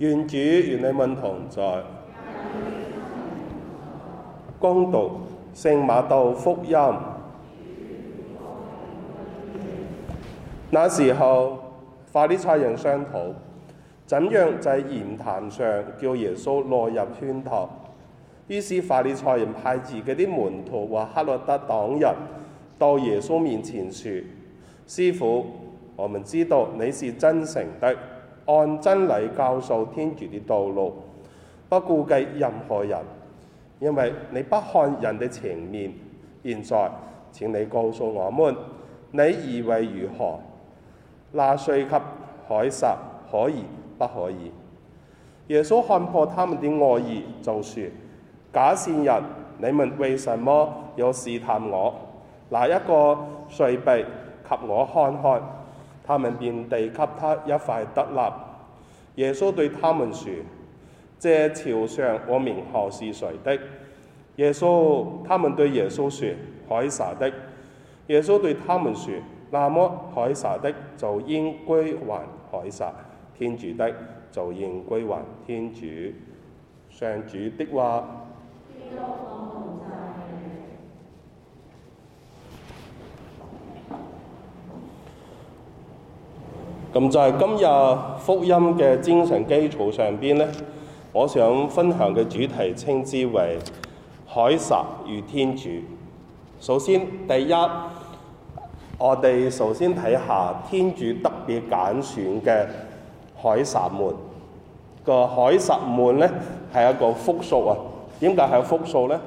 願主與你們同在。恭讀《聖瑪竇福音》。那時候，法利賽人商討怎樣在言談上叫耶穌落入圈套。於是法利賽人派自己的門徒和黑落德黨人到耶穌面前説：師傅，我們知道你是真誠的。按真理教授天主的道路，不顧忌任何人，因為你不看人哋情面。現在請你告訴我們，你以為如何？納稅給凱撒可以不可以？耶穌看破他們啲惡意，就説：假善人，你們為什麼要試探我？拿一個稅幣給我看看。他們便遞給他一塊德納。耶穌對他們説：這肖像和名號是誰的？耶穌，他們對耶穌説：凱撒的。耶穌對他們説：那麼凱撒的就應歸還凱撒，天主的就應歸還天主。上主的話。咁就係今日福音嘅精神基礎上邊咧，我想分享嘅主題稱之為凱撒與天主。首先，第一，我哋首先睇下天主特別揀選嘅凱撒們。個凱撒們咧係一個複數啊，點解係複數咧？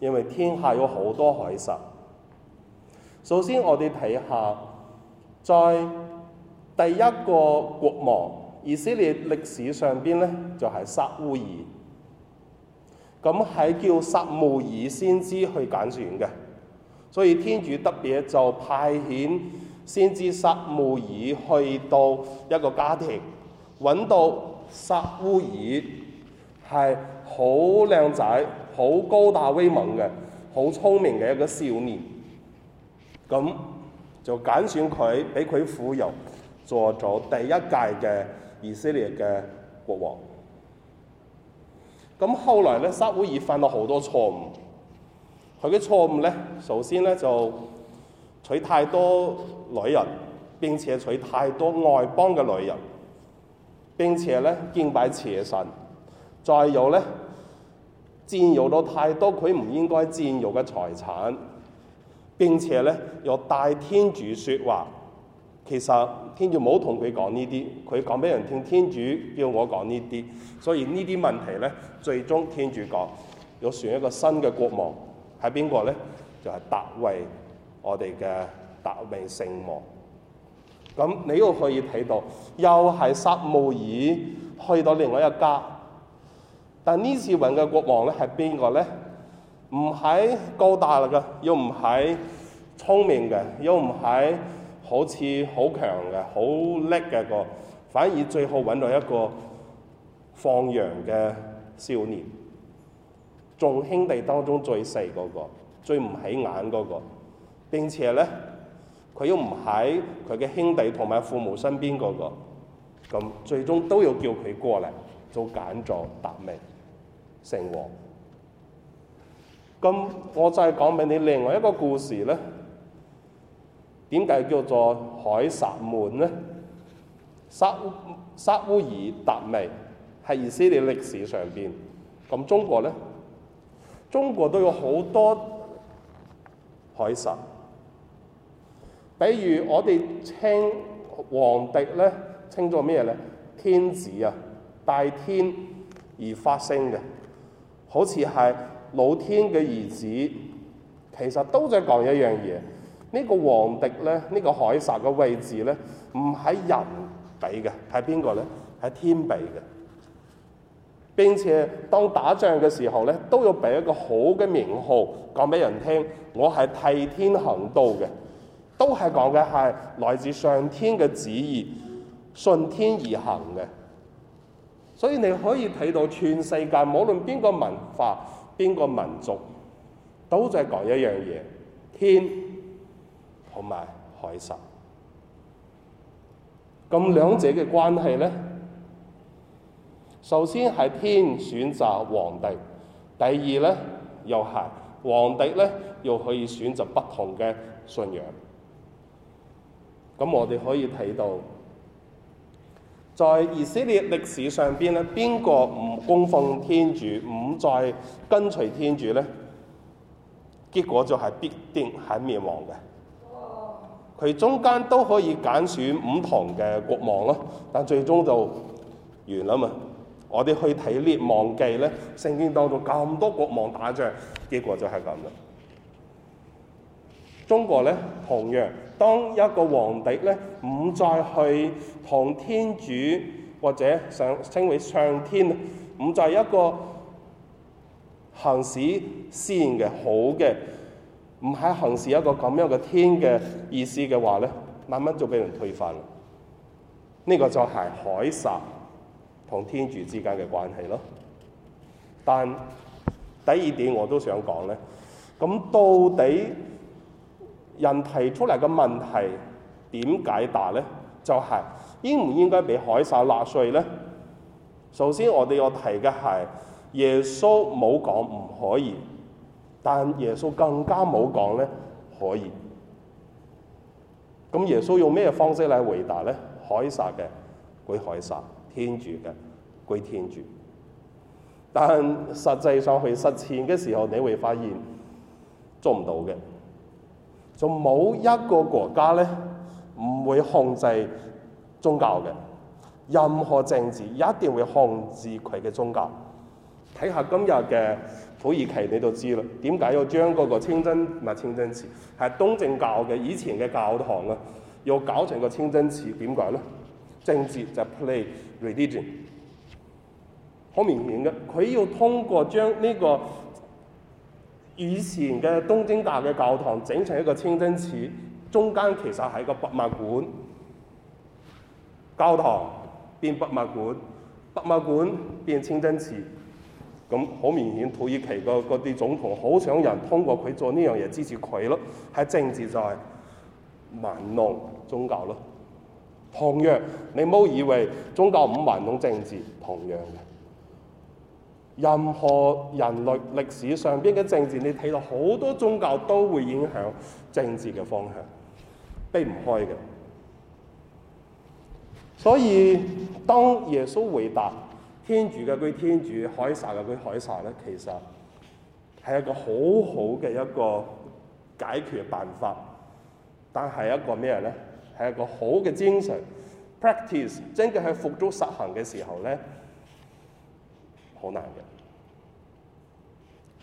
因為天下有好多凱撒。首先我，我哋睇下在。第一個國王，以色列歷史上邊咧就係、是、撒烏爾，咁係叫撒慕爾先知去揀選嘅，所以天主特別就派遣先知撒慕爾去到一個家庭，揾到撒烏爾係好靚仔、好高大威猛嘅、好聰明嘅一個少年，咁就揀選佢，俾佢傅油。做咗第一屆嘅以色列嘅國王。咁後來咧，撒烏耳犯咗好多錯誤。佢嘅錯誤咧，首先咧就娶太多女人，並且娶太多外邦嘅女人。並且咧，敬拜邪神。再有咧，佔有到太多佢唔應該佔有嘅財產。並且咧，又大天主説話。其實天主冇同佢講呢啲，佢講俾人聽。天主叫我講呢啲，所以呢啲問題咧，最終天主講要選一個新嘅國王，係邊個咧？就係達味，我哋嘅達味聖王。咁你又可以睇到，又係撒慕爾去到另外一家，但呢次揾嘅國王咧係邊個咧？唔喺高大嘅，又唔喺聰明嘅，又唔喺。好似好強嘅，好叻嘅個，反而最好揾到一個放羊嘅少年，眾兄弟當中最細嗰個，最唔起眼嗰個，並且咧佢又唔喺佢嘅兄弟同埋父母身邊嗰個，咁最終都要叫佢過嚟做揀咗，達味，成王。咁我就係講俾你另外一個故事咧。點解叫做凱撒門咧？沙烏沙烏爾達味係以色列歷史上邊。咁中國咧？中國都有好多凱撒，比如我哋稱皇帝咧，稱作咩咧？天子啊，大天而發聲嘅，好似係老天嘅兒子，其實都在講一樣嘢。呢個皇帝咧，呢個凱撒嘅位置咧，唔喺人俾嘅，係邊個咧？係天俾嘅。並且當打仗嘅時候咧，都要俾一個好嘅名號講俾人聽，我係替天行道嘅，都係講嘅係來自上天嘅旨意，順天而行嘅。所以你可以睇到全世界，無論邊個文化、邊個民族，都在講一樣嘢：天。同埋海神，咁兩者嘅關係呢，首先係天選擇皇帝，第二呢，又係皇帝呢，又可以選擇不同嘅信仰。咁我哋可以睇到，在以色列歷史上邊呢，邊個唔供奉天主，唔再跟隨天主呢？結果就係必定係滅亡嘅。佢中間都可以揀選五堂嘅國王咯，但最終就完啦嘛。我哋去睇《列王記》咧，聖經當中咁多國王打仗，結果就係咁啦。中國咧，同樣當一個皇帝咧，唔再去同天主或者上稱為上天，唔再一個行使先嘅好嘅。唔係行事一個咁樣嘅天嘅意思嘅話咧，慢慢就俾人推翻。呢、呢個就係凱撒同天主之間嘅關係咯。但第二點我都想講咧，咁到底人提出嚟嘅問題點解答咧？就係、是、應唔應該俾凱撒納稅咧？首先我哋要提嘅係耶穌冇講唔可以。但耶穌更加冇講咧可以，咁耶穌用咩方式嚟回答咧？凱撒嘅歸凱撒，天主嘅歸天主。但實際上去實踐嘅時候，你會發現做唔到嘅。就冇一個國家咧，唔會控制宗教嘅，任何政治一定會控制佢嘅宗教。睇下今日嘅。土耳其你都知啦，點解要將嗰個清真唔係清真寺，係東正教嘅以前嘅教堂啊，要搞成個清真寺？點解咧？政治就 play religion，好明顯嘅，佢要通過將呢個以前嘅東正教嘅教堂整成一個清真寺，中間其實係個博物館，教堂變博物館，博物館變清真寺。咁好明顯，土耳其個啲總統好想有人通過佢做呢樣嘢支持佢咯，喺政治就係玩弄宗教咯。同樣，你唔好以為宗教唔玩弄政治，同樣嘅。任何人類歷史上邊嘅政治，你睇到好多宗教都會影響政治嘅方向，避唔開嘅。所以當耶穌回答。天主嘅歸天主，凱撒嘅歸凱撒咧，其實，係一個好好嘅一個解決辦法，但係一個咩咧？係一個好嘅精神。Practice 真嘅係付諸實行嘅時候咧，好難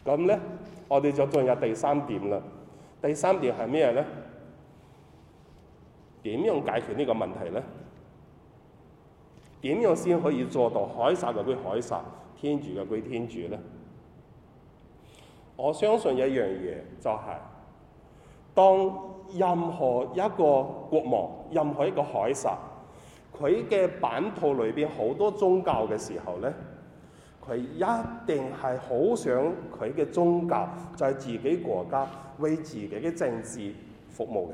嘅。咁咧，我哋就進入第三點啦。第三點係咩咧？點樣解決呢個問題咧？點樣先可以做到海撒嘅歸海撒，天主嘅歸天主咧？我相信一樣嘢就係、是，當任何一個國王、任何一個海撒，佢嘅版圖裏邊好多宗教嘅時候咧，佢一定係好想佢嘅宗教就在自己國家為自己嘅政治服務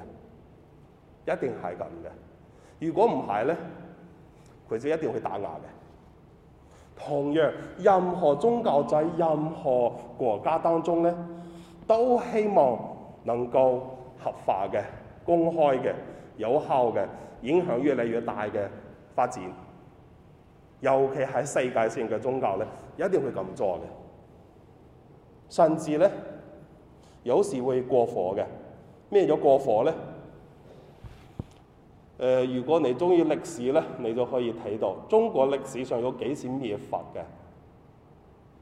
嘅，一定係咁嘅。如果唔係咧？佢就一定會打壓嘅。同樣，任何宗教在任何國家當中咧，都希望能夠合法嘅、公開嘅、有效嘅，影響越嚟越大嘅發展。尤其係世界性嘅宗教咧，一定會咁做嘅。甚至咧，有時會過火嘅。咩叫過火咧？誒、呃，如果你中意歷史咧，你就可以睇到中國歷史上有幾次滅佛嘅，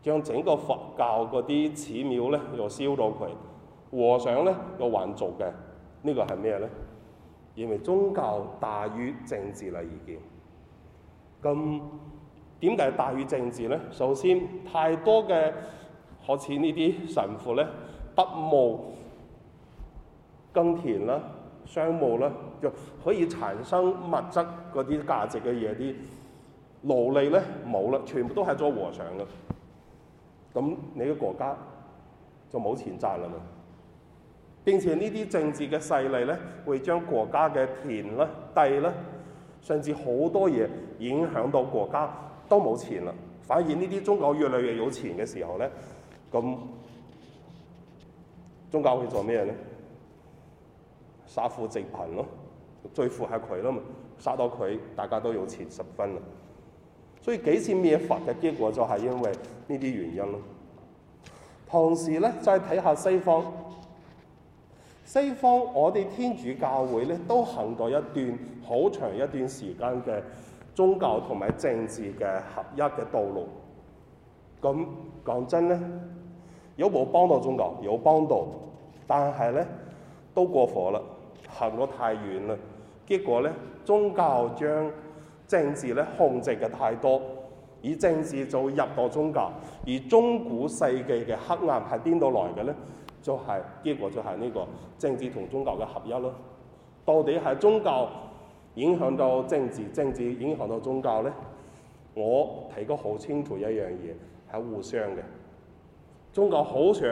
將整個佛教嗰啲寺廟咧又燒到佢，和尚咧又還俗嘅，這個、呢個係咩咧？認為宗教大於政治啦，意見。咁點解大於政治咧？首先太多嘅，好似呢啲神父咧不務耕田啦。商務咧就可以產生物質嗰啲價值嘅嘢，啲勞力咧冇啦，全部都係做和尚啦。咁你嘅國家就冇錢賺啦嘛。並且呢啲政治嘅勢力咧，會將國家嘅田咧、地咧，甚至好多嘢影響到國家都冇錢啦。反而呢啲宗教越嚟越有錢嘅時候咧，咁宗教會做咩咧？殺富濟貧咯，最富係佢啦嘛，殺到佢，大家都有錢十分啦。所以幾次滅佛嘅結果就係因為呢啲原因咯。同時咧，再睇下西方，西方我哋天主教會咧都行過一段好長一段時間嘅宗教同埋政治嘅合一嘅道路。咁講真咧，有冇幫到宗教？有幫到，但係咧都過火啦。行得太遠啦，結果咧，宗教將政治咧控制嘅太多，以政治做入到宗教，而中古世紀嘅黑暗係邊度來嘅咧？就係、是、結果就係呢個政治同宗教嘅合一咯。到底係宗教影響到政治，政治影響到宗教咧？我睇得好清楚一樣嘢係互相嘅，宗教好想，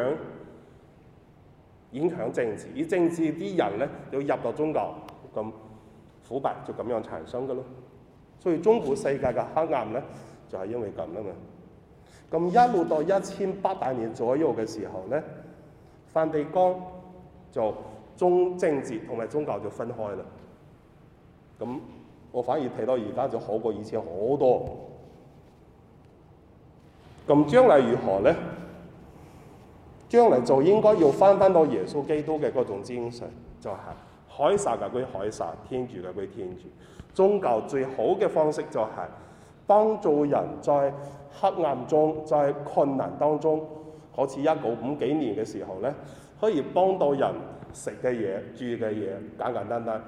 影響政治，而政治啲人咧要入到宗教，咁腐敗就咁樣產生嘅咯。所以中古世界嘅黑暗咧，就係因為咁啊嘛。咁一路到一千八百年左右嘅時候咧，梵蒂岡就中政治同埋宗教就分開啦。咁我反而睇到而家就好過以前好多。咁將來如何咧？將嚟就應該要翻翻到耶穌基督嘅嗰種精神，就係凱撒嘅歸凱撒，天主嘅歸天主。宗教最好嘅方式就係、是、幫助人在黑暗中、在困難當中，好似一九五幾年嘅時候咧，可以幫到人食嘅嘢、住嘅嘢，簡簡單，單單。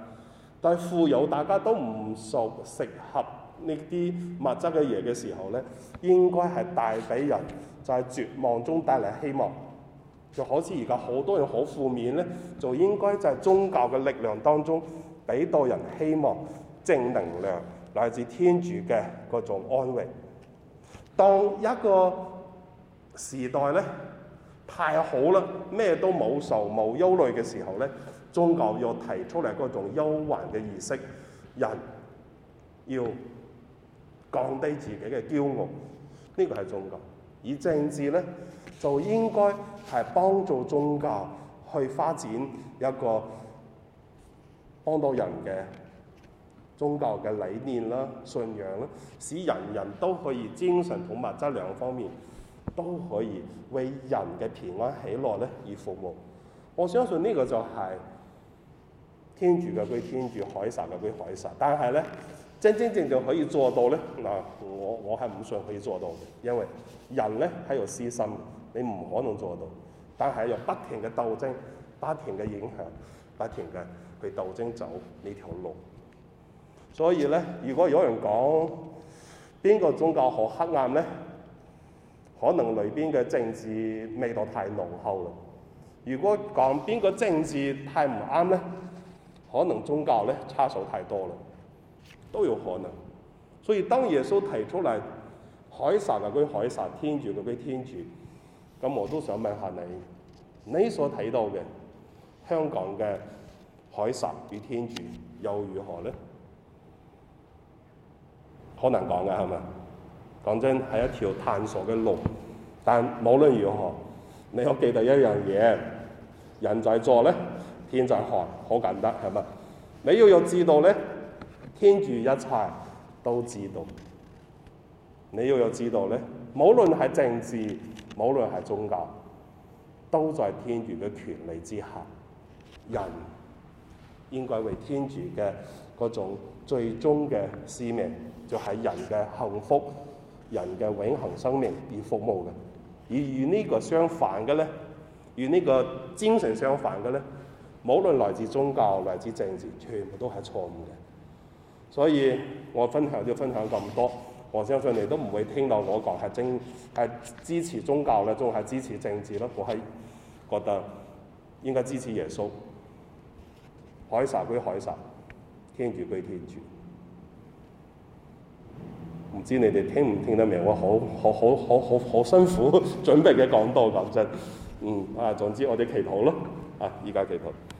但富有大家都唔熟適合呢啲物質嘅嘢嘅時候咧，應該係帶俾人就係絕望中帶嚟希望。就好似而家好多人好負面咧，就應該就係宗教嘅力量當中，俾到人希望、正能量，乃至天主嘅嗰種安慰。當一個時代咧太好啦，咩都冇愁冇憂慮嘅時候咧，宗教要提出嚟嗰種憂患嘅意識，人要降低自己嘅驕傲，呢個係宗教。以政治咧，就應該係幫助宗教去發展一個幫到人嘅宗教嘅理念啦、信仰啦，使人人都可以精神同物質兩方面都可以為人嘅平安喜樂咧而服務。我相信呢個就係天主嘅，歸天主；凱撒嘅，歸凱撒。但係咧。真真正正可以做到咧？嗱，我我係唔信可以做到嘅，因為人咧喺度私心，你唔可能做到。但係用不停嘅鬥爭，不停嘅影響，不停嘅去鬥爭走呢條路。所以咧，如果有人講邊個宗教好黑暗咧，可能裏邊嘅政治味道太濃厚啦。如果講邊個政治太唔啱咧，可能宗教咧差數太多啦。都有可能，所以當耶穌提出嚟，凱撒嘅歸凱撒，天主嘅歸天主。咁我都想問下你，你所睇到嘅香港嘅凱撒與天主又如何咧？好難講噶，係咪？講真係一條探索嘅路，但無論如何，你要記得一樣嘢，人在做咧，天在看，好簡單，係咪？你要有知道咧。天主一切都知道，你要有知道咧，無論係政治，無論係宗教，都在天主嘅權力之下。人應該為天主嘅嗰種最終嘅使命，就係、是、人嘅幸福、人嘅永恒生命而服務嘅。而與呢個相反嘅咧，與呢個精神相反嘅咧，無論來自宗教、來自政治，全部都係錯誤嘅。所以，我分享就分享咁多，我相信你都唔會聽到我講，係政係支持宗教啦，仲係支持政治咯。我係覺得應該支持耶穌，凱撒歸凱撒，天主歸天主。唔知你哋聽唔聽得明？我好好好好好好辛苦 準備嘅講道咁真。嗯啊，總之我哋祈禱咯啊，依家祈禱。